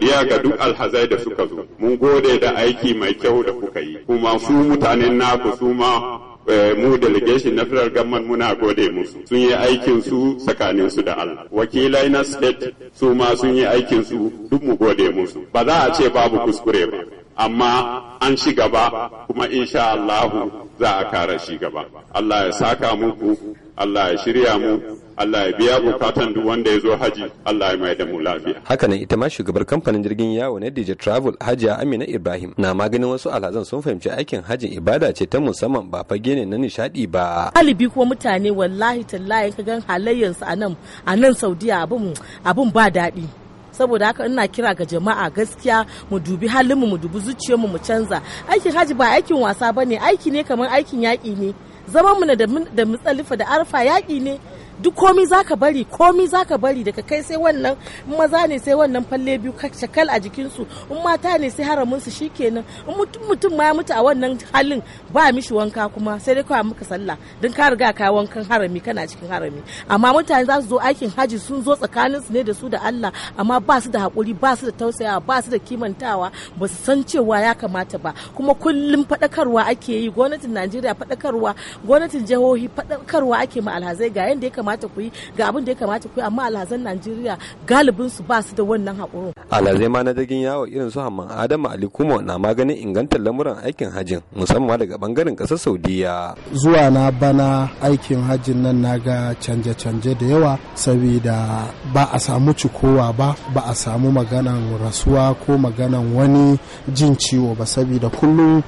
godiya ga duk alhazai da suka zo mun gode da aiki mai kyau da kuka yi kuma su mutanen naku su ma eh, mu delegation na federal government muna gode musu sun yi aikin su tsakanin su da Allah wakilai na state su ma sun yi aikin su duk mu gode musu ba za a ce babu kuskure ba amma an shi gaba kuma insha Allah za a kara shi gaba Allah ya saka muku Allah ya shirya mu Allah ya biya bukatan duk wanda ya zo haji Allah ya mai da mu lafiya. Hakanan ita ma shugabar kamfanin jirgin yawo na DJ Travel Hajiya Amina Ibrahim na maganin wasu alhazan sun fahimci aikin hajin ibada ce ta musamman ba fage ne na nishadi ba. Halibi kuma mutane wallahi tallahi ka gan halayyarsu a nan a nan Saudiya abin abun ba daɗi. saboda haka ina kira ga jama'a gaskiya mu dubi halinmu mu dubi zuciyar mu mu canza aikin haji ba aikin wasa bane aiki ne kamar aikin yaƙi ne zaman mu da mutsalifa da arfa yaƙi ne duk komi zaka bari komi zaka bari daga kai sai wannan maza ne sai wannan falle biyu shakal a jikinsu in mata ne sai haramin su shikenan in mutum mutum ma ya mutu a wannan halin ba mishi wanka kuma sai dai kawai muka sallah don ka riga ka wankan harami kana cikin harami amma mutane za su zo aikin haji sun zo tsakanin su ne da su da Allah amma ba su da hakuri ba su da tausayawa ba su da kimantawa ba su san cewa ya kamata ba kuma kullum faɗakarwa ake yi gwamnatin Najeriya faɗakarwa gwamnatin jihohi faɗakarwa ake ma alhazai ga yanda ya kamata kamata ku yi ga abin da ya kamata ku yi amma alhazan Najeriya galibin su ba su da wannan haƙurin. Alhazai ma na dagin yawo irin su Hamman Adamu Ali Kumo na maganin ingantar lamuran aikin hajjin musamman daga bangaren ƙasar Saudiya. Zuwa na bana aikin hajjin nan na ga canje-canje da yawa saboda ba a samu cikowa ba ba a samu maganan rasuwa ko maganan wani jin ciwo ba saboda kullum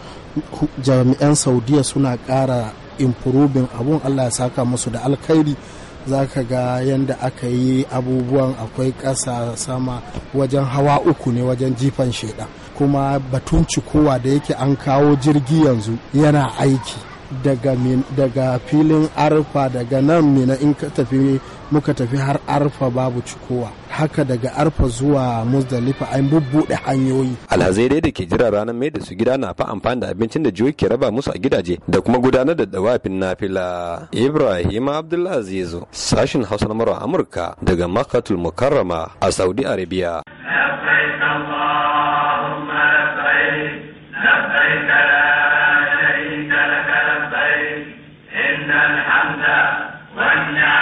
jami'an saudiya suna ƙara improving abun allah ya saka musu da alkhairi za ka ga yadda aka yi abubuwan akwai ƙasa sama wajen hawa uku ne wajen jifan sheda kuma batun cikowa da yake an kawo jirgi yanzu yana aiki daga, daga filin arfa daga nan mina in ka tafi muka tafi har arfa babu cikowa haka daga arfa zuwa muzdalifa an bubbuɗe hanyoyi alhazai dai da ke jira ranar mai da su gida na fa amfani da abincin da jihohi ke raba musu a gidaje da kuma gudanar da dawafin nafila ibrahim abdullah zo sashin hausa na mara amurka daga makatul mukarrama a saudi arabia والنعم